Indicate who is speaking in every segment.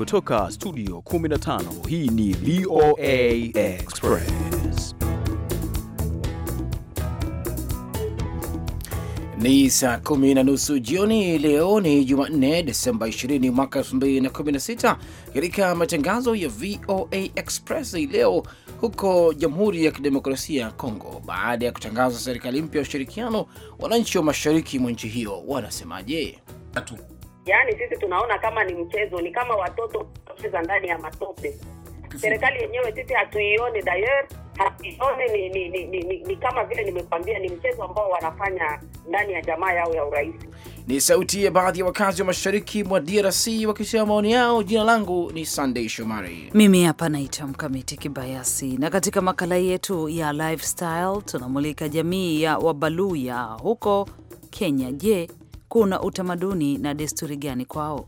Speaker 1: Kutoka studio 15
Speaker 2: hii ni VOA Express. Ni saa kumi na nusu jioni. Leo ni Jumanne, Desemba 20 mwaka 2016. Katika matangazo ya VOA Express hii leo, huko Jamhuri ya Kidemokrasia ya Kongo, baada ya kutangaza serikali mpya ya ushirikiano, wananchi wa mashariki mwa nchi hiyo wanasemaje?
Speaker 3: yaani sisi tunaona kama ni mchezo, ni kama watoto wanacheza ndani ya matope. Serikali yenyewe sisi hatuioni dayer, hatuione ni, ni, ni, ni, ni, ni kama
Speaker 2: vile nimekwambia, ni mchezo ambao wanafanya ndani ya jamaa yao ya urais. Ni sauti ya baadhi ya wakazi wa mashariki mwa DRC wakisema maoni yao. Jina langu ni Sunday Shomari,
Speaker 4: mimi hapa naita Mkamiti Kibayasi, na katika makala yetu ya lifestyle tunamulika jamii ya Wabaluya huko Kenya. Je, kuna utamaduni na desturi gani kwao?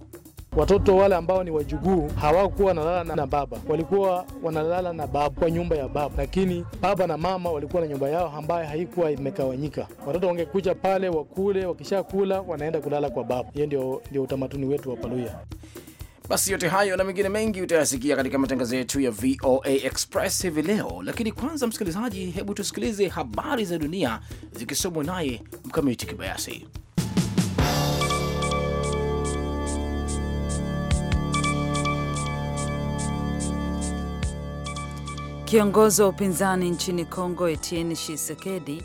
Speaker 5: Watoto wale ambao ni wajukuu hawakuwa wanalala na baba, walikuwa wanalala na babu kwa nyumba ya babu, lakini baba na mama walikuwa na nyumba yao ambayo haikuwa imekawanyika. Watoto wangekuja pale wakule, wakishakula wanaenda kulala kwa babu. Hiyo ndio, ndio utamaduni wetu wa Paluya.
Speaker 2: Basi yote hayo na mengine mengi utayasikia katika matangazo yetu ya VOA Express hivi leo, lakini kwanza, msikilizaji, hebu tusikilize habari za dunia zikisomwa naye Mkamiti Kibayasi.
Speaker 4: Kiongozi wa upinzani nchini Kongo Etienne Tshisekedi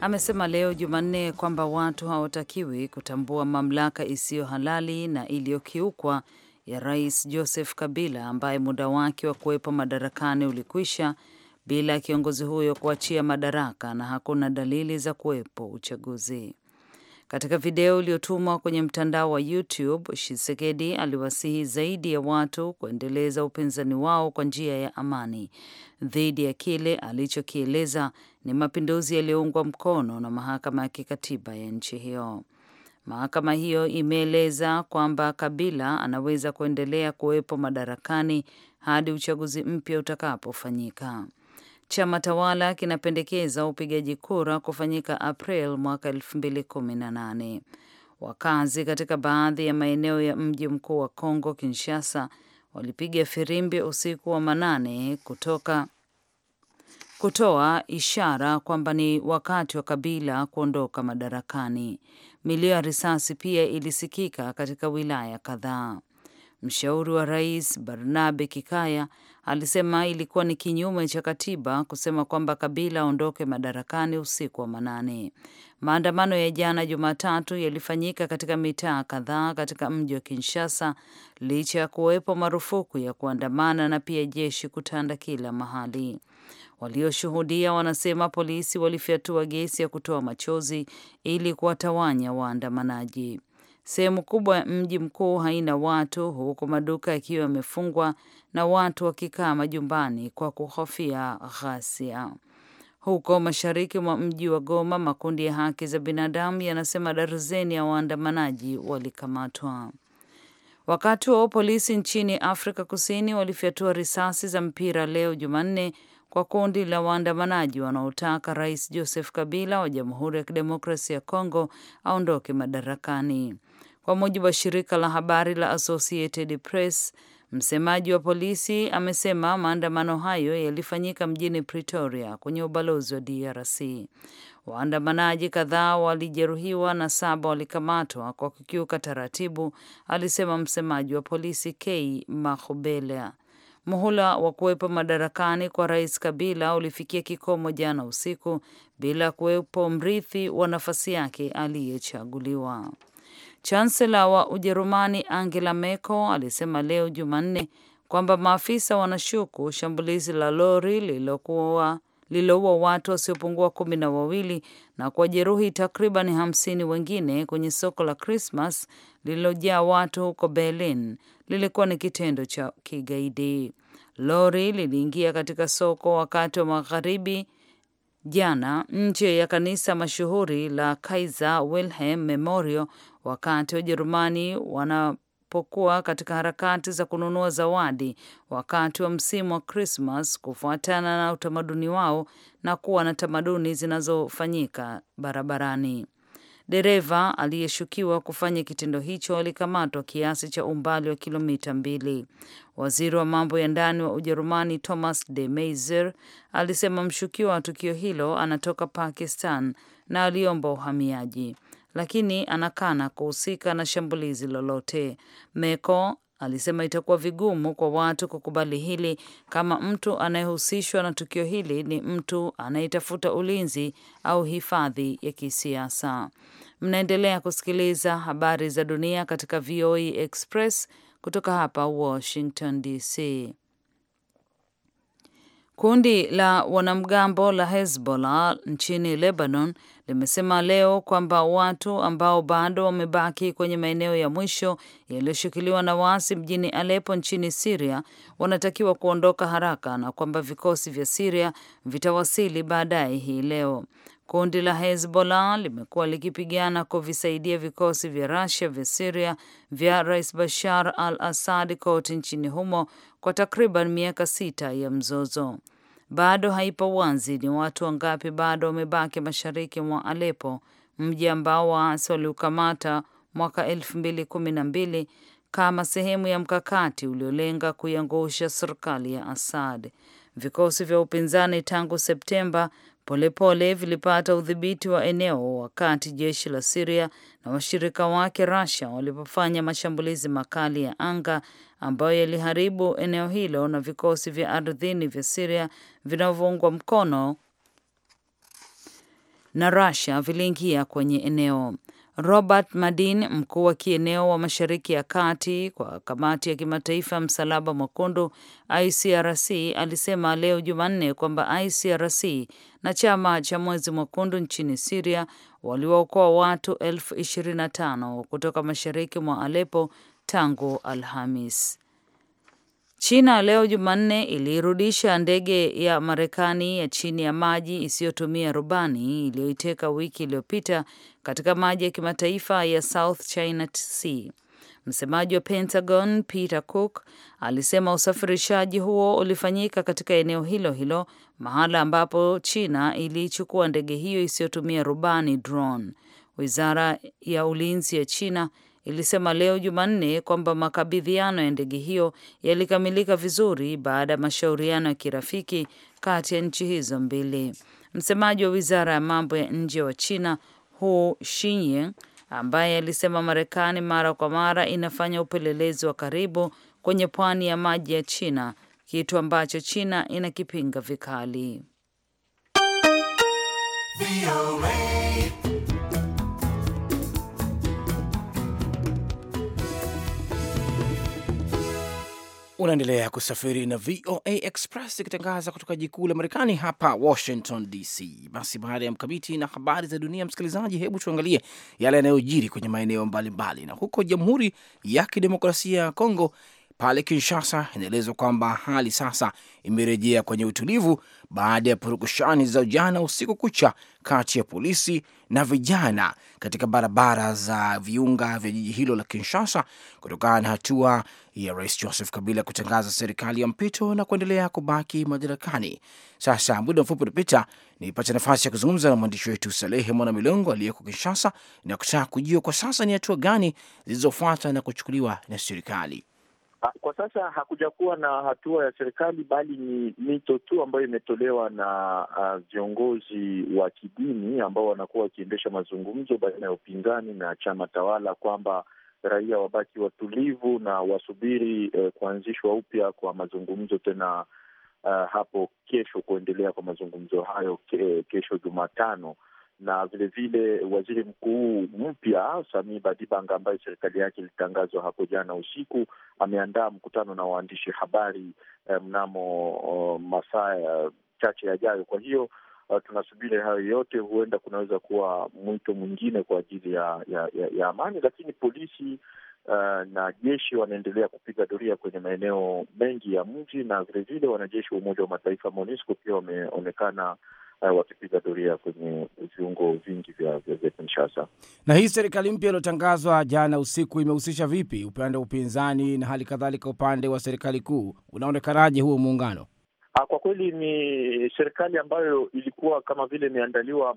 Speaker 4: amesema leo Jumanne kwamba watu hawatakiwi kutambua mamlaka isiyo halali na iliyokiukwa ya Rais Joseph Kabila ambaye muda wake wa kuwepo madarakani ulikwisha bila ya kiongozi huyo kuachia madaraka na hakuna dalili za kuwepo uchaguzi. Katika video iliyotumwa kwenye mtandao wa YouTube, Shisekedi aliwasihi zaidi ya watu kuendeleza upinzani wao kwa njia ya amani dhidi ya kile alichokieleza ni mapinduzi yaliyoungwa mkono na mahakama ya kikatiba ya nchi hiyo. Mahakama hiyo imeeleza kwamba Kabila anaweza kuendelea kuwepo madarakani hadi uchaguzi mpya utakapofanyika chama tawala kinapendekeza upigaji kura kufanyika April mwaka 2018. Wakazi katika baadhi ya maeneo ya mji mkuu wa congo Kinshasa, walipiga firimbi usiku wa manane kutoka kutoa ishara kwamba ni wakati wa Kabila kuondoka madarakani. Milio ya risasi pia ilisikika katika wilaya kadhaa. Mshauri wa rais Barnabe Kikaya alisema ilikuwa ni kinyume cha katiba kusema kwamba Kabila aondoke madarakani usiku wa manane. Maandamano ya jana Jumatatu yalifanyika katika mitaa kadhaa katika mji wa Kinshasa licha ya kuwepo marufuku ya kuandamana na pia jeshi kutanda kila mahali. Walioshuhudia wanasema polisi walifyatua gesi ya kutoa machozi ili kuwatawanya waandamanaji. Sehemu kubwa ya mji mkuu haina watu, huku maduka yakiwa yamefungwa na watu wakikaa majumbani kwa kuhofia ghasia. Huko mashariki mwa mji wa Goma, makundi ya haki za binadamu yanasema darzeni ya waandamanaji walikamatwa. Wakati wao polisi nchini Afrika Kusini walifyatua risasi za mpira leo Jumanne kwa kundi la waandamanaji wanaotaka Rais Joseph Kabila wa Jamhuri ya Kidemokrasia ya Kongo aondoke madarakani kwa mujibu wa shirika la habari la Associated Press. Msemaji wa polisi amesema maandamano hayo yalifanyika mjini Pretoria kwenye ubalozi wa DRC. Waandamanaji kadhaa walijeruhiwa na saba walikamatwa kwa kukiuka taratibu, alisema msemaji wa polisi K Mahubela. Muhula wa kuwepo madarakani kwa Rais Kabila ulifikia kikomo jana usiku bila kuwepo mrithi wa nafasi yake aliyechaguliwa. Chansela wa Ujerumani Angela Merkel alisema leo Jumanne kwamba maafisa wanashuku shambulizi la lori lililokuwa lililoua watu wasiopungua kumi na wawili na kuwajeruhi takriban hamsini wengine kwenye soko la Krismas lililojaa watu huko Berlin lilikuwa ni kitendo cha kigaidi. Lori liliingia katika soko wakati wa magharibi jana nje ya kanisa mashuhuri la Kaiser Wilhelm Memorial wakati Wajerumani wanapokuwa katika harakati za kununua zawadi wakati wa msimu wa Krismas kufuatana na utamaduni wao na kuwa na tamaduni zinazofanyika barabarani. Dereva aliyeshukiwa kufanya kitendo hicho alikamatwa kiasi cha umbali wa kilomita mbili. Waziri wa mambo ya ndani wa Ujerumani Thomas de Meiser alisema mshukiwa wa tukio hilo anatoka Pakistan na aliomba uhamiaji, lakini anakana kuhusika na shambulizi lolote. Meko alisema itakuwa vigumu kwa watu kukubali hili kama mtu anayehusishwa na tukio hili ni mtu anayetafuta ulinzi au hifadhi ya kisiasa. Mnaendelea kusikiliza habari za dunia katika VOA e Express kutoka hapa Washington DC. Kundi la wanamgambo la Hezbollah nchini Lebanon limesema leo kwamba watu ambao bado wamebaki kwenye maeneo ya mwisho yaliyoshikiliwa na waasi mjini Aleppo nchini Syria wanatakiwa kuondoka haraka na kwamba vikosi vya Syria vitawasili baadaye hii leo. Kundi la Hezbollah limekuwa likipigana kuvisaidia vikosi vya Russia vya Syria vya Rais Bashar al-Assad kote nchini humo kwa takriban miaka sita ya mzozo bado haipo wazi ni watu wangapi bado wamebaki mashariki mwa Alepo, mji ambao waasi waliukamata mwaka elfu mbili kumi na mbili kama sehemu ya mkakati uliolenga kuiangusha serikali ya Assad. Vikosi vya upinzani tangu Septemba polepole vilipata udhibiti wa eneo wakati jeshi la Siria na washirika wake Rasia walipofanya mashambulizi makali ya anga ambayo yaliharibu eneo hilo na vikosi vya ardhini vya Siria vinavyoungwa mkono na rasia viliingia kwenye eneo. Robert Madin, mkuu wa kieneo wa Mashariki ya Kati kwa Kamati ya Kimataifa ya Msalaba Mwekundu ICRC, alisema leo Jumanne kwamba ICRC na chama cha Mwezi Mwekundu nchini Siria waliwaokoa watu elfu ishirini na tano kutoka mashariki mwa Alepo tangu Alhamis. China leo Jumanne iliirudisha ndege ya Marekani ya chini ya maji isiyotumia rubani iliyoiteka wiki iliyopita katika maji ya kimataifa ya South China Sea. Msemaji wa Pentagon Peter Cook alisema usafirishaji huo ulifanyika katika eneo hilo hilo, mahala ambapo China iliichukua ndege hiyo isiyotumia rubani drone. Wizara ya ulinzi ya China ilisema leo Jumanne kwamba makabidhiano ya ndege hiyo yalikamilika vizuri baada ya mashauriano ya kirafiki kati ya nchi hizo mbili. Msemaji wa wizara ya mambo ya nje wa China Hu Shinying ambaye alisema Marekani mara kwa mara inafanya upelelezi wa karibu kwenye pwani ya maji ya China, kitu ambacho China inakipinga vikali.
Speaker 2: Unaendelea kusafiri na VOA Express ikitangaza kutoka jikuu la Marekani hapa Washington DC. Basi baada ya mkamiti na habari za dunia, msikilizaji, hebu tuangalie yale yanayojiri kwenye maeneo mbalimbali. Na huko Jamhuri ya Kidemokrasia ya Kongo, pale Kinshasa inaelezwa kwamba hali sasa imerejea kwenye utulivu baada ya purukushani za jana usiku kucha kati ya polisi na vijana katika barabara za viunga vya jiji hilo la Kinshasa kutokana na hatua ya Rais Joseph Kabila kutangaza serikali ya mpito na kuendelea kubaki madarakani. Sasa muda mfupi uliopita nilipata nafasi ya kuzungumza na mwandishi wetu Salehe Mwana Milongo aliyeko Kinshasa na kutaka kujua kwa sasa ni hatua gani zilizofuata na kuchukuliwa na serikali.
Speaker 6: Kwa sasa hakujakuwa na hatua ya serikali, bali ni mito tu ambayo imetolewa na viongozi uh, wa kidini ambao wanakuwa wakiendesha mazungumzo baina ya upinzani na chama tawala kwamba raia wabaki watulivu na wasubiri eh, kuanzishwa upya kwa mazungumzo tena, uh, hapo kesho, kuendelea kwa mazungumzo hayo ke, kesho Jumatano na vile waziri mkuu mpya Sami Badibanga ambaye serikali yake ilitangazwa hapo jana usiku ameandaa mkutano na waandishi habari eh, mnamo uh, masaa ya eh, chache yajayo. Kwa hiyo uh, tunasubiri hayo yote, huenda kunaweza kuwa mwito mwingine kwa ajili ya, ya, ya, ya amani, lakini polisi uh, na jeshi wanaendelea kupiga doria kwenye maeneo mengi ya mji, na vilevile wanajeshi wa Umoja wa Mataifa MONUSCO pia wameonekana uh, wakipiga doria kwenye viungo vingi vya Kinshasa.
Speaker 2: Na hii serikali mpya iliyotangazwa jana usiku imehusisha vipi upande wa upinzani na hali kadhalika upande wa serikali kuu? Unaonekanaje huo muungano?
Speaker 6: Ah, kwa kweli ni serikali ambayo ilikuwa kama vile imeandaliwa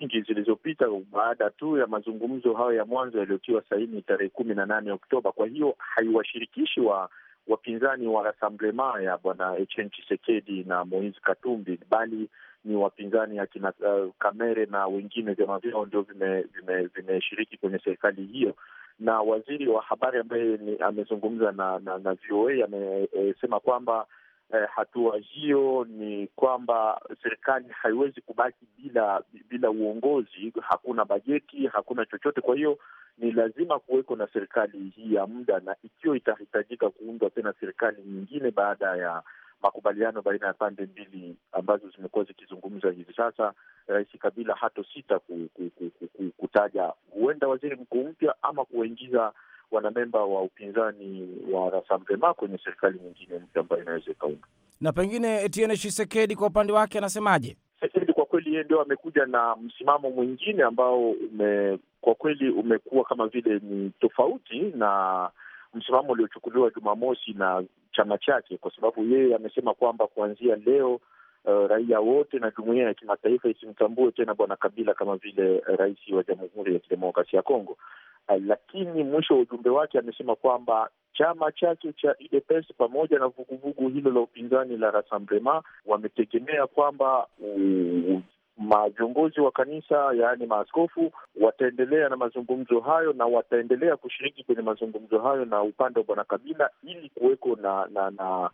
Speaker 6: nyingi zilizopita baada tu ya mazungumzo hayo ya mwanzo yaliyotiwa saini tarehe kumi na nane Oktoba. Kwa hiyo haiwashirikishi wa wapinzani wa Rassemblement ya bwana Etienne Tshisekedi na Moise Katumbi, bali ni wapinzani akina uh, Kamere na wengine, vyama vyao ndio vimeshiriki vime kwenye serikali hiyo. Na waziri wa habari ambaye amezungumza na na, na VOA amesema eh, kwamba eh, hatua hiyo ni kwamba serikali haiwezi kubaki bila bila uongozi. Hakuna bajeti, hakuna chochote. Kwa hiyo ni lazima kuweko na serikali hii ya muda, na ikiwa itahitajika kuundwa tena serikali nyingine baada ya makubaliano baina ya pande mbili ambazo zimekuwa zikizungumza hivi sasa, Rais Kabila sita ku, ku, ku, ku, ku, kutaja huenda waziri mkuu mpya ama kuwaingiza wanamemba wa upinzani wa Rassemblement kwenye serikali nyingine mpya ambayo inaweza ikaunda.
Speaker 2: Na pengine Etienne Tshisekedi kwa upande wake anasemaje?
Speaker 6: Tshisekedi kwa kweli yeye ndio amekuja na msimamo mwingine ambao ume, kwa kweli umekuwa kama vile ni tofauti na msimamo uliochukuliwa Jumamosi na chama chake, kwa sababu yeye amesema kwamba kuanzia leo Uh, raia wote na jumuiya ya kimataifa isimtambue tena Bwana Kabila kama vile eh, rais wa Jamhuri ya Kidemokrasia ya Kongo. Ah, lakini mwisho wa ujumbe wake amesema kwamba chama chake cha UDPS pamoja na vuguvugu hilo la upinzani la Rassemblement wametegemea kwamba maviongozi wa kanisa yaani maaskofu wataendelea na mazungumzo hayo na wataendelea kushiriki kwenye mazungumzo hayo na upande wa bwana Kabila ili kuweko na na na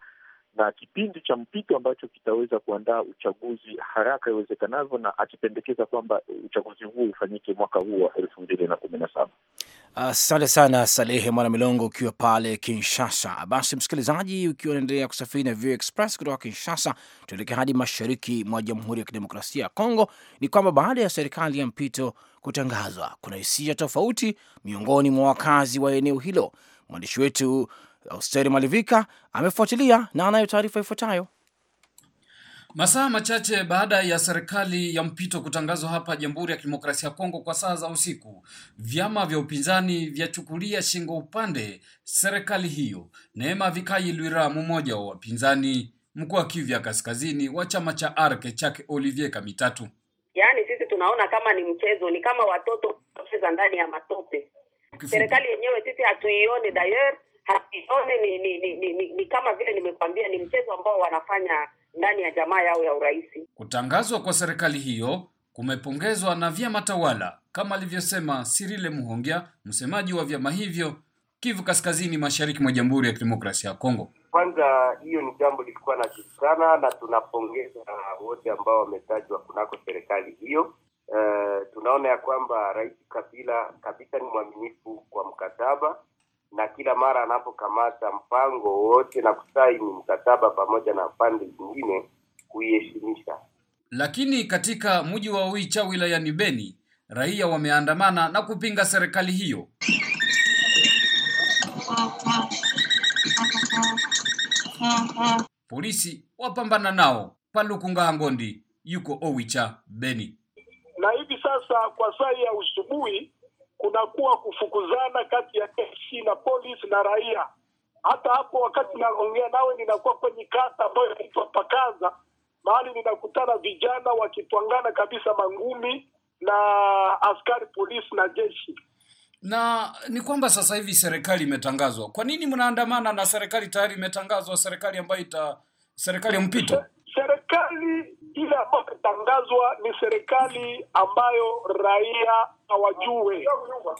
Speaker 6: na kipindi cha mpito ambacho kitaweza kuandaa uchaguzi haraka iwezekanavyo, na akipendekeza kwamba uchaguzi huo ufanyike mwaka huu wa elfu mbili na kumi na saba.
Speaker 2: Asante sana Salehe Mwana Milongo ukiwa pale Kinshasa. Basi msikilizaji, ukiwa unaendelea kusafiri na Vio Express kutoka Kinshasa, tuelekea hadi mashariki mwa Jamhuri ya Kidemokrasia ya Kongo. Ni kwamba baada ya serikali ya mpito kutangazwa, kuna hisia tofauti miongoni mwa wakazi wa eneo hilo. Mwandishi wetu Austeri Malivika amefuatilia na anayo taarifa ifuatayo.
Speaker 7: Masaa machache baada ya serikali ya mpito kutangazwa hapa Jamhuri ya Kidemokrasia ya Kongo kwa saa za usiku, vyama vya upinzani vyachukulia shingo upande serikali hiyo. Neema Vikai Lwira, mmoja wa wapinzani mkuu wa Kivu ya Kaskazini wa chama cha Arke chake Olivier Kamitatu:
Speaker 4: yaani
Speaker 3: sisi tunaona kama ni mchezo, ni kama watoto wacheza ndani ya matope. Serikali yenyewe sisi hatuione dayer hasione ni ni, ni, ni, ni ni kama vile nimekwambia, ni mchezo
Speaker 6: ambao wanafanya ndani ya jamaa yao ya urahisi
Speaker 7: Kutangazwa kwa serikali hiyo kumepongezwa na vyama tawala kama alivyosema Sirile Muhongia, msemaji wa vyama hivyo Kivu Kaskazini, mashariki mwa Jamhuri ya Kidemokrasia ya Kongo.
Speaker 6: Kwanza hiyo ni jambo lilikuwa najulikana, na tunapongeza wote ambao wametajwa kunako serikali hiyo. Uh, tunaona ya kwamba Rais Kabila kabisa ni mwaminifu kwa mkataba na kila mara anapokamata mpango wowote na kusaini mkataba pamoja na pande zingine kuiheshimisha.
Speaker 7: Lakini katika mji wa Oicha wilayani Beni, raia wameandamana na kupinga serikali hiyo. Polisi wapambana nao. Palukunga Ngondi yuko Oicha Beni, na hivi sasa kwa saa ya usubuhi kunakuwa kufukuzana kati ya jeshi na polisi na raia. Hata hapo wakati naongea nawe, ninakuwa kwenye kata ambayo inaitwa Pakaza, mahali ninakutana vijana wakitwangana kabisa mangumi na askari polisi na jeshi. Na ni kwamba sasa hivi serikali imetangazwa. Kwa nini mnaandamana na serikali tayari imetangazwa, serikali ambayo ita serikali ya mpito? Serikali ile ambayo imetangazwa ni serikali
Speaker 6: ambayo raia hawajue,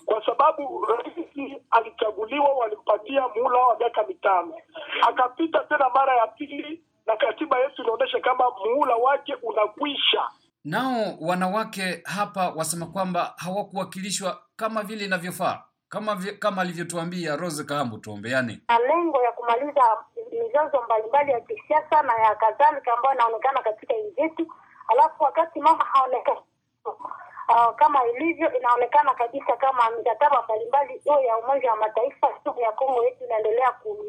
Speaker 6: kwa sababu rais alichaguliwa, walimpatia muhula wa miaka mitano, akapita tena mara ya pili,
Speaker 7: na katiba yetu inaonyesha kama muhula wake unakwisha. Nao wanawake hapa wasema kwamba hawakuwakilishwa kama vile inavyofaa kama kama alivyotuambia Rose Kahambu, tuombeane
Speaker 6: na lengo ya kumaliza mizozo mbalimbali ya kisiasa na ya kadhalika ambayo inaonekana katika nchi yetu, alafu wakati mama haonekani uh, kama ilivyo inaonekana kabisa kama mikataba mbalimbali hiyo ya Umoja wa Mataifa siku ya Kongo yetu inaendelea ku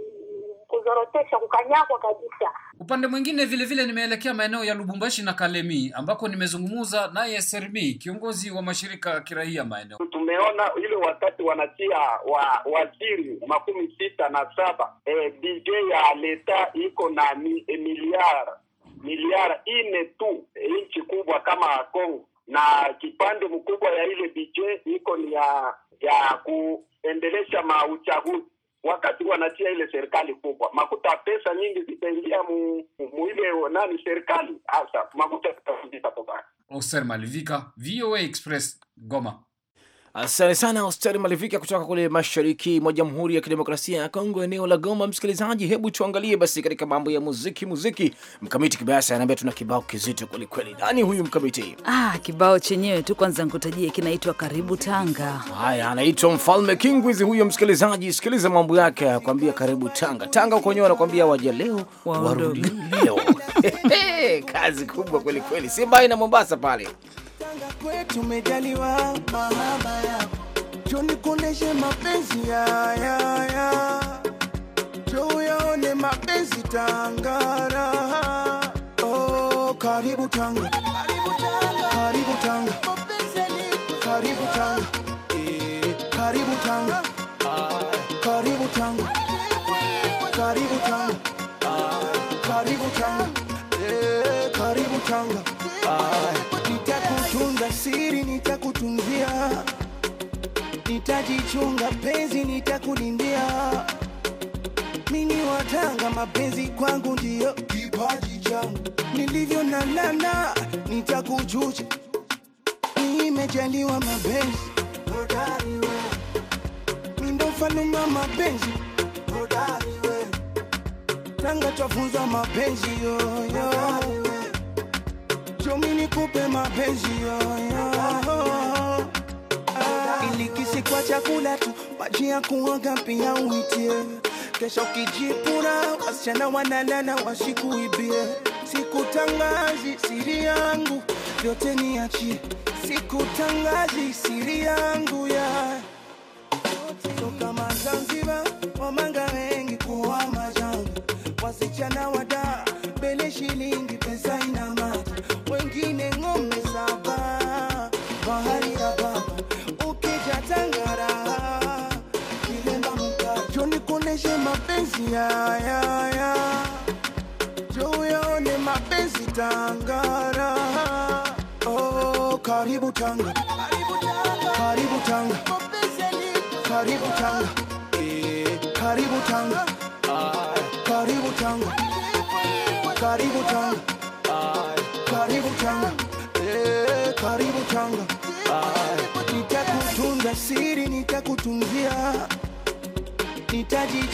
Speaker 6: kuzorotesha kukanyagwa kabisa.
Speaker 7: Upande mwingine vile vile, nimeelekea maeneo ya Lubumbashi na Kalemi ambako nimezungumza naye Sermi, kiongozi wa mashirika ya kiraia maeneo.
Speaker 6: Tumeona ile wakati wanatia wa waziri makumi sita na saba e, eh, bije ya leta iko na miliar eh, miliara miliara ine tu e, eh, nchi kubwa kama Kongo na kipande mkubwa ya ile bije iko ni ya ya kuendelesha mauchaguzi wakati wanatia ile serikali kubwa, makuta pesa nyingi zitaingia mu, mu ile nani serikali hasa makuta zitatoka.
Speaker 7: Oser Malivika, VOA Express, Goma. Asante sana Hosteri Malivika kutoka kule mashariki
Speaker 2: mwa Jamhuri ya Kidemokrasia ya Kongo, eneo la Goma. Msikilizaji, hebu tuangalie basi katika mambo ya muziki. Muziki mkamiti kibayasi anaambia tuna kibao kizito kwelikweli. Nani huyu mkamiti?
Speaker 4: Ah, kibao chenyewe tu kwanza nikutajie, kinaitwa Karibu Tanga.
Speaker 2: Haya, anaitwa Mfalme Kingwizi huyo. Msikilizaji, sikiliza mambo yake, anakuambia karibu Tanga. Tanga huko wenyewe anakuambia waja leo warudi leo. Kazi kubwa kwelikweli, si mbali na Mombasa pale.
Speaker 8: Tanga kwetu umejaliwa mahaba yako, njoo nikundeshe mapenzi yaya, njoo uyaone mapenzi Tangara. Oh, karibu Tanga, karibu Tanga, karibu Tanga, karibu Tanga. Eh, nitakulindia mini watanga mapenzi kwangu ndiyo kipaji changu nilivyo nanana nitakujuja nimejaliwa mapenzi hodariwe mindofaluma mapenzi hodariwe tanga twafunza mapenzi yoyo chomini kupe mapenzi yoyo ilikisi kwa chakula tu wajia kuoga pia uitie. Kesha ukijipuna, wasichana wanalana washikuibie Sikutangazi siri yangu, vyote niachie. Sikutangazi siri yangu ya toka mazanziba wamanga wengi kuwa majangu wasichana wada mbele shilingi yeah, yeah, yeah. Juu yaone mapenzi tangara. Oh, karibu Tangara.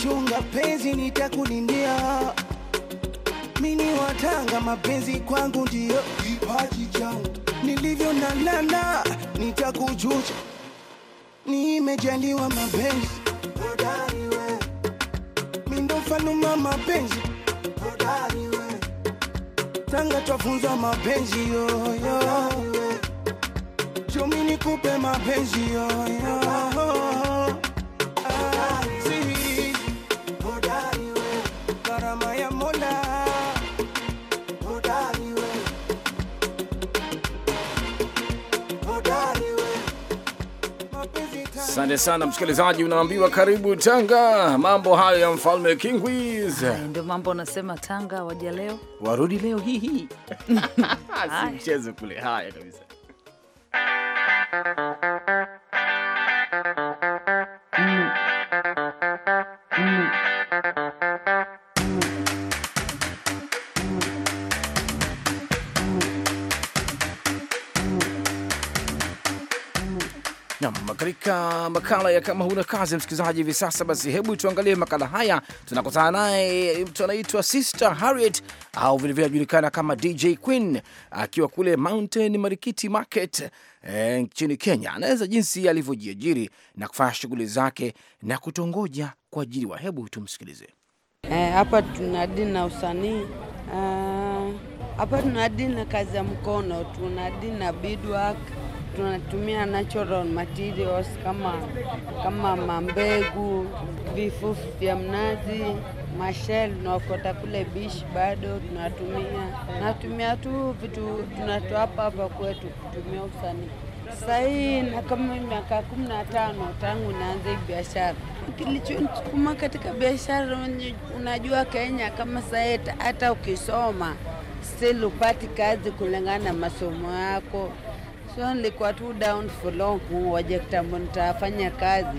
Speaker 8: chunga penzi, nitakulindia mini watanga mapenzi kwangu ndiyo kipaji changu, nilivyo na nana nitakujucha, nimejaliwa mapenzi hodariwe, mindo faluma mapenzi tanga twafunza mapenzi yoyo, jomini kupe mapenzi yoyo
Speaker 2: Asante sana msikilizaji, unaambiwa karibu Tanga. Mambo hayo ya mfalme Kingwiz eh,
Speaker 4: ndio mambo anasema Tanga waja leo
Speaker 2: warudi leo, hii.
Speaker 4: si
Speaker 2: mchezo kule. Haya kabisa Nam, katika makala ya kama huna kazi, msikilizaji, hivi sasa basi, hebu tuangalie makala haya. Tunakutana naye mtu anaitwa Sister Harriet au vilevile anajulikana kama DJ Queen akiwa kule Mountain Marikiti Market eh, nchini e, Kenya. Anaweza jinsi alivyojiajiri na kufanya shughuli zake na kutongoja kuajiriwa. Hebu tumsikilize. Eh, hapa e, tunadili na usanii
Speaker 3: ah, hapa, uh, tunadili na kazi ya mkono, tunadili na beadwork tunatumia natural materials kama, kama mambegu, vifufu vya mnazi, mashel tunaokota kule bishi bado tunatumia. Natumia tu vitu tunatoa hapa hapa kwetu kutumia usanii. Sasa na kama miaka kumi na tano tangu naanza hii biashara. Kilichonisukuma katika biashara, unajua Kenya kama sahii hata ukisoma still upati kazi kulingana na masomo yako so nilikuwa tu down for long wajekta kitambo kazi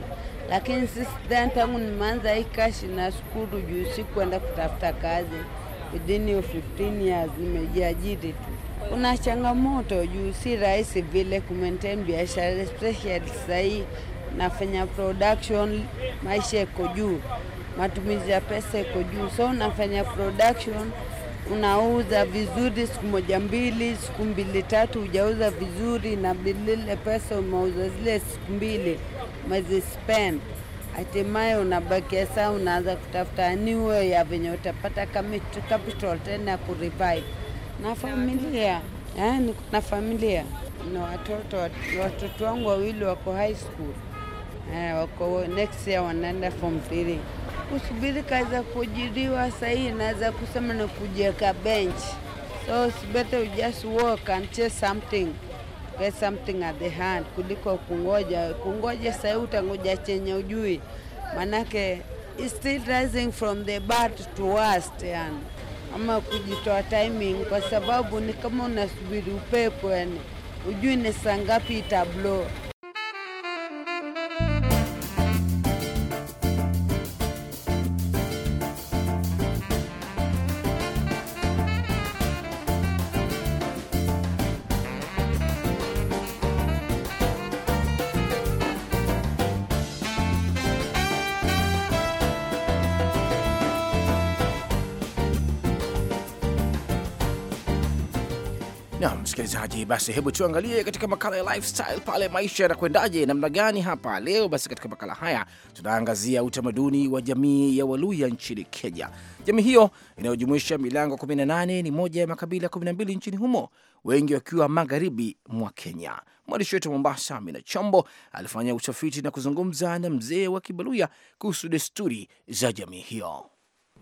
Speaker 3: lakini since then tangu nimeanza hii kashi na shukuru juu sikuenda kutafuta kazi within your 15 years nimejiajiri tu. Kuna changamoto juu si rahisi vile kumaintain biashara especially sahii nafanya production, maisha iko juu, matumizi ya pesa iko juu, so unafanya production unauza vizuri, siku moja mbili, siku mbili tatu hujauza vizuri, na lile pesa umeuza zile siku mbili umezi spend, hatimaye unabakia saa unaanza kutafuta niwe ya venye utapata capital tena ya kurevive na familia yani, na familia na watoto. Watoto wangu wawili wako high school eh, wako next year wanaenda form 3 kusubiri kaza kujiriwa sahii, naweza kusema na kujeka bench. So it's better you just walk and chase something get something at the hand kuliko kungoja. Kungoja sahii utangoja chenye ujui, manake it's still rising from the bad to worst yani, ama kujitoa timing, kwa sababu ni kama unasubiri upepo yani, ujui ni sangapi itablow.
Speaker 2: na msikilizaji, basi hebu tuangalie katika makala ya lifestyle pale maisha yanakwendaje, namna gani hapa leo. Basi katika makala haya tunaangazia utamaduni wa jamii ya Waluya nchini Kenya. Jamii hiyo inayojumuisha milango 18 ni moja ya makabila 12 nchini humo, wengi wakiwa magharibi mwa Kenya. Mwandishi wetu Mombasa, Amina Chombo, alifanya utafiti na kuzungumza na mzee wa Kibaluya kuhusu desturi za jamii hiyo.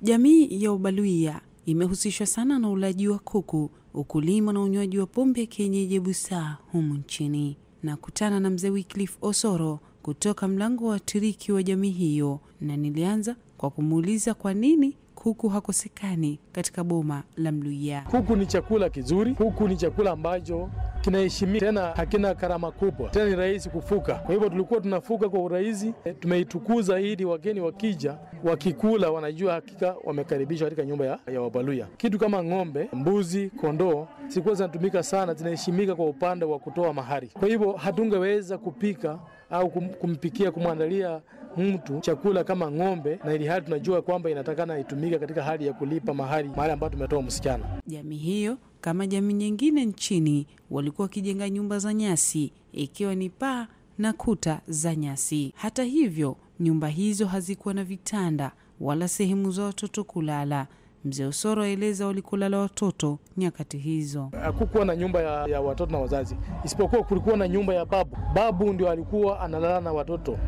Speaker 2: Jamii ya Ubaluya imehusishwa
Speaker 9: sana na ulaji wa kuku, ukulima na unywaji wa pombe ya kienyeji busaa humu nchini. Na kutana na mzee Wycliffe Osoro kutoka mlango wa tiriki wa jamii hiyo, na nilianza kwa kumuuliza kwa nini kuku hakosekani katika boma
Speaker 5: la Mluya. Kuku ni chakula kizuri, kuku ni chakula ambacho kinaheshimika, tena hakina karama kubwa, tena ni rahisi kufuka. Kwa hivyo tulikuwa tunafuka kwa urahisi, e, tumeitukuza ili wageni wakija, wakikula wanajua hakika wamekaribishwa katika nyumba ya, ya Wabaluya. Kitu kama ng'ombe, mbuzi, kondoo zilikuwa zinatumika sana, zinaheshimika kwa upande wa kutoa mahari. Kwa hivyo hatungeweza kupika au kumpikia kumwandalia mtu chakula kama ng'ombe, na ili hali tunajua kwamba inatakana itumike katika hali ya kulipa mahali mahali ambayo tumetoa msichana.
Speaker 9: Jamii hiyo kama jamii nyingine nchini walikuwa wakijenga nyumba za nyasi, ikiwa ni paa na kuta za nyasi. Hata hivyo, nyumba hizo hazikuwa na vitanda wala sehemu za watoto kulala. Mzee Osoro aeleza
Speaker 5: walikulala watoto nyakati hizo. Hakukuwa na nyumba ya, ya watoto na wazazi, isipokuwa kulikuwa na nyumba ya babu. Babu ndio alikuwa analala na watoto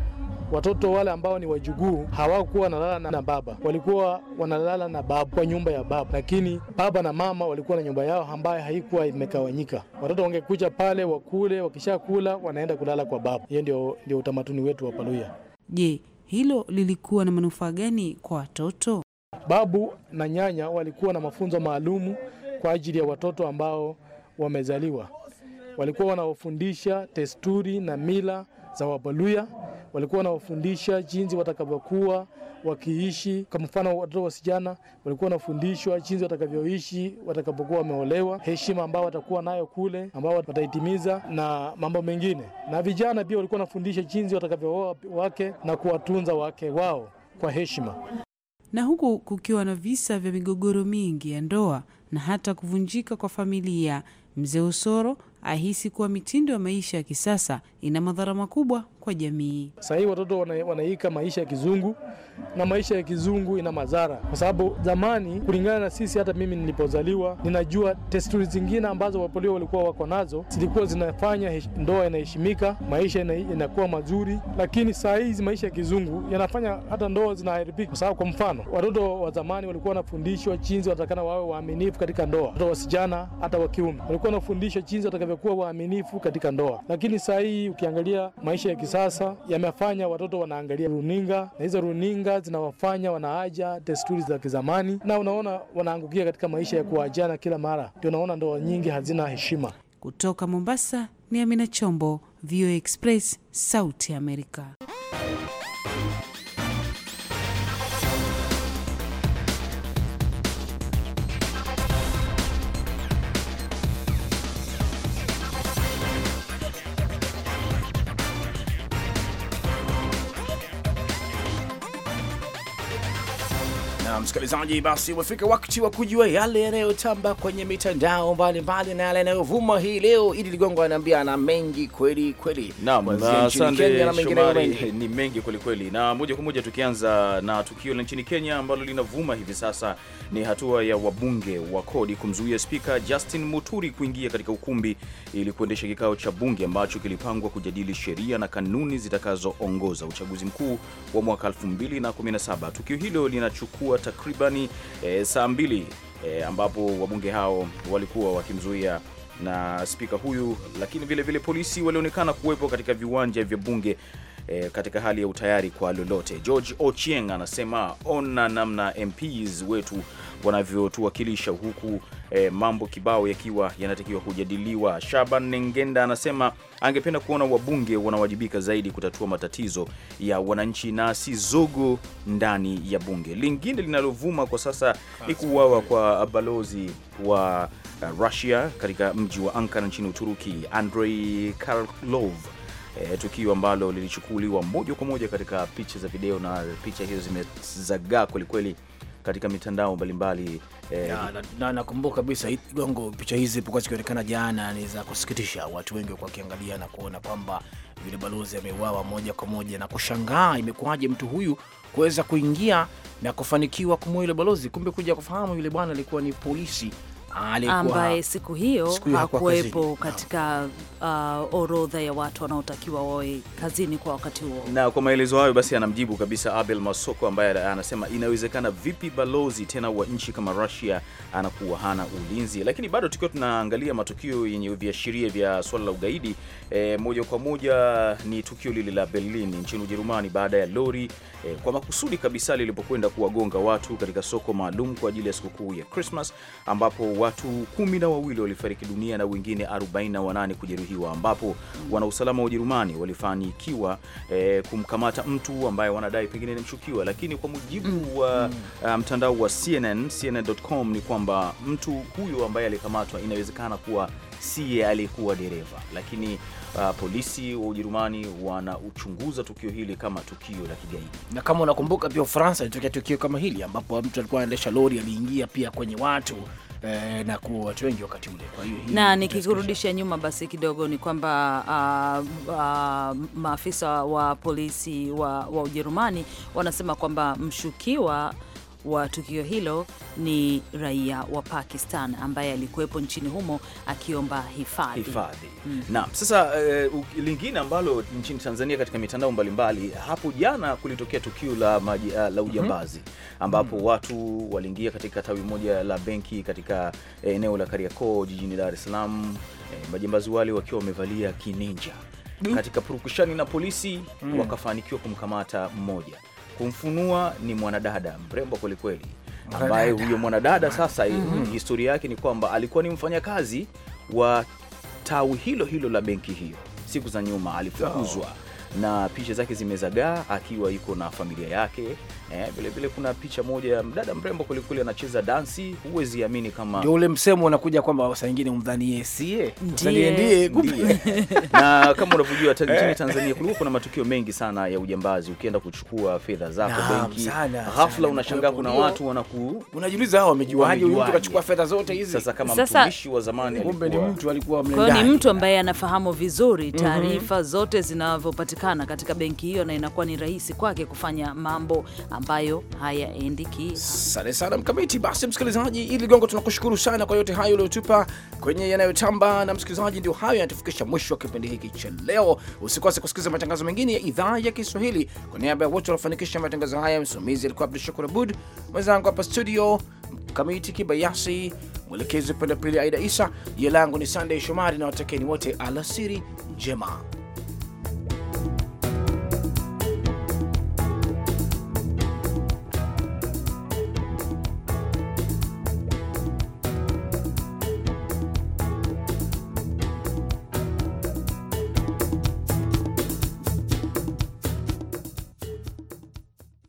Speaker 5: watoto wale ambao ni wajuguu hawakuwa wanalala na baba, walikuwa wanalala na babu kwa nyumba ya babu, lakini baba na mama walikuwa na nyumba yao ambayo haikuwa imegawanyika. Watoto wangekuja pale wakule, wakishakula wanaenda kulala kwa babu. Hiyo ndio, ndio utamaduni wetu wa Paluya. Je, hilo lilikuwa na manufaa gani kwa watoto? Babu na nyanya walikuwa na mafunzo maalumu kwa ajili ya watoto ambao wamezaliwa. Walikuwa wanawafundisha desturi na mila za Wabaluya, walikuwa wanawafundisha jinsi watakavyokuwa wakiishi. Kwa mfano, watoto wasijana walikuwa wanafundishwa jinsi watakavyoishi watakapokuwa wameolewa, heshima ambao watakuwa nayo kule, ambao wataitimiza na mambo mengine. Na vijana pia walikuwa wanafundisha jinsi watakavyooa wake na kuwatunza wake wao kwa heshima
Speaker 9: na huku kukiwa na visa vya migogoro mingi ya ndoa na hata kuvunjika kwa familia, Mzee usoro ahisi kuwa mitindo ya
Speaker 5: maisha ya kisasa ina madhara makubwa kwa jamii. Sasa hii watoto wanaika maisha ya kizungu, na maisha ya kizungu ina madhara, kwa sababu zamani, kulingana na sisi, hata mimi nilipozaliwa, ninajua desturi zingine ambazo Wapolio walikuwa wako nazo zilikuwa zinafanya ndoa inaheshimika, maisha inakuwa mazuri, lakini saa hizi maisha ya kizungu yanafanya hata ndoa zinaharibika, kwa sababu kwa mfano, watoto wa zamani walikuwa wanafundishwa jinsi watakana wawe waaminifu katika ndoa. Watoto wasichana hata wa kiume walikuwa wanafundishwa jinsi watakavyokuwa waaminifu katika ndoa, lakini saa hii ukiangalia maisha ya kisa sasa yamefanya watoto wanaangalia runinga, na hizo runinga zinawafanya wanaaja desturi za kizamani, na unaona wanaangukia katika maisha ya kuajana kila mara. Ndio unaona ndoa nyingi hazina heshima. Kutoka Mombasa ni Amina Chombo, VOA Express, Sauti ya Amerika.
Speaker 2: msikilizaji, basi umefika wakati wa kujua yale yanayotamba kwenye mitandao mbalimbali na yale yanayovuma hii leo. Idi Ligongo anaambia ana mengi kweli kweli.
Speaker 1: ni mengi kweli kweli, na moja kwa moja tukianza na tukio la nchini Kenya ambalo linavuma hivi sasa ni hatua ya wabunge wa kodi kumzuia Spika Justin Muturi kuingia katika ukumbi ili kuendesha kikao cha bunge ambacho kilipangwa kujadili sheria na kanuni zitakazoongoza uchaguzi mkuu wa mwaka 2017. Tukio hilo linachukua takriban takribani e, saa mbili e, ambapo wabunge hao walikuwa wakimzuia na spika huyu, lakini vilevile polisi walionekana kuwepo katika viwanja vya bunge e, katika hali ya utayari kwa lolote. George Ochieng anasema ona namna MPs wetu wanavyotuwakilisha huku e, mambo kibao yakiwa yanatakiwa kujadiliwa. Shaban Nengenda anasema angependa kuona wabunge wanawajibika zaidi kutatua matatizo ya wananchi na si zogo ndani ya bunge. Lingine linalovuma kwa sasa ni kuuawa kwa balozi wa eh, Russia katika mji wa Ankara nchini Uturuki, Andrei Karlov eh, tukio ambalo lilichukuliwa moja kwa moja katika picha za video na picha hizo zimezagaa kwelikweli katika mitandao mbalimbali eh,
Speaker 2: na nakumbuka na kabisa gongo picha hizi zilipokuwa zikionekana jana ni za kusikitisha. Watu wengi walikuwa wakiangalia na kuona kwamba yule balozi ameuawa moja kwa moja na kushangaa imekuwaje mtu huyu kuweza kuingia na kufanikiwa kumua yule balozi. Kumbe kuja kufahamu yule bwana alikuwa ni polisi
Speaker 1: ambaye siku
Speaker 4: hiyo hakuwepo katika uh, orodha ya watu wanaotakiwa wawe kazini kwa wakati huo.
Speaker 1: Na kwa maelezo hayo basi, anamjibu kabisa Abel Masoko ambaye anasema inawezekana vipi balozi tena wa nchi kama Russia anakuwa hana ulinzi? Lakini bado tukiwa tunaangalia matukio yenye viashiria vya swala la ugaidi, e, moja kwa moja ni tukio lile la Berlin nchini Ujerumani, baada ya lori e, kwa makusudi kabisa lilipokwenda kuwagonga watu katika soko maalum kwa ajili ya sikukuu ya Christmas ambapo watu kumi na wawili walifariki dunia na wengine 48 kujeruhiwa, ambapo wanausalama wa Ujerumani walifanikiwa e, kumkamata mtu ambaye wanadai pengine ni mshukiwa, lakini kwa mujibu mm. wa mm. Ah, mtandao wa CNN, CNN.com ni kwamba mtu huyo ambaye alikamatwa inawezekana kuwa siye aliyekuwa dereva, lakini uh, polisi wa Ujerumani wanauchunguza tukio hili kama tukio la kigaidi. Na kama
Speaker 2: unakumbuka pia Ufaransa ilitokea tukio kama hili ambapo mtu alikuwa anaendesha lori aliingia pia kwenye watu eh, na kuwa watu wengi wakati ule. Kwa hiyo na
Speaker 4: nikikurudisha nyuma basi kidogo ni kwamba uh, uh, maafisa wa polisi wa, wa Ujerumani wanasema kwamba mshukiwa wa tukio hilo ni raia wa Pakistan ambaye alikuwepo nchini humo akiomba hifadhi hifadhi. Mm. Naam, sasa
Speaker 1: uh, lingine ambalo nchini Tanzania katika mitandao mbalimbali, hapo jana kulitokea tukio la, maji, eh, la ujambazi mm -hmm. ambapo mm watu waliingia katika tawi moja la benki katika eh, eneo la Kariakoo jijini Dar es Salaam, eh, majambazi wale wakiwa wamevalia kininja mm. katika purukushani na polisi mm wakafanikiwa kumkamata mmoja kumfunua ni mwanadada mrembo kwelikweli, ambaye huyo mwanadada sasa, mm -hmm. historia yake ni kwamba alikuwa ni mfanyakazi wa tawi hilo hilo la benki hiyo. Siku za nyuma alifukuzwa, oh. na picha zake zimezagaa akiwa yuko na familia yake Vilevile eh, vile kuna picha moja ya mdada mrembo kwelikweli anacheza dansi, huwezi amini kama ndio ule
Speaker 2: msemo unakuja kwamba saa nyingine umdhanie sie ndiye ndiye. Na kama unavyojua nchini eh. Tanzania
Speaker 1: kulikuwa kuna matukio mengi sana ya ujambazi, ukienda kuchukua fedha zako benki, ghafla unashangaa kuna watu wanaku, unajiuliza hao wamejuaje, mtu kachukua
Speaker 2: fedha
Speaker 4: zote hizi. Sasa kama mtumishi wa zamani, kumbe ni mtu
Speaker 2: alikuwa
Speaker 1: mlendani, kwa
Speaker 4: ni mtu ambaye anafahamu vizuri mhm. taarifa zote zinavyopatikana katika benki hiyo, na inakuwa ni rahisi kwake kufanya mambo ambayo hayaendiki.
Speaker 2: Asante sana Mkamiti. Basi msikilizaji, ili Ligongo, tunakushukuru sana kwa yote hayo uliotupa kwenye yanayotamba. Na msikilizaji, ndio hayo yanatufikisha mwisho wa kipindi hiki cha leo. Usikose kusikiliza matangazo mengine ya idhaa ya Kiswahili. Kwa niaba ya wote waliofanikisha matangazo haya, msimamizi alikuwa Abdu Shakur Abud, mwenzangu hapa studio Mkamiti Kibayasi, mwelekezi upande pili Aida Isa. Jina langu ni Sandey Shomari na watakeni wote alasiri njema.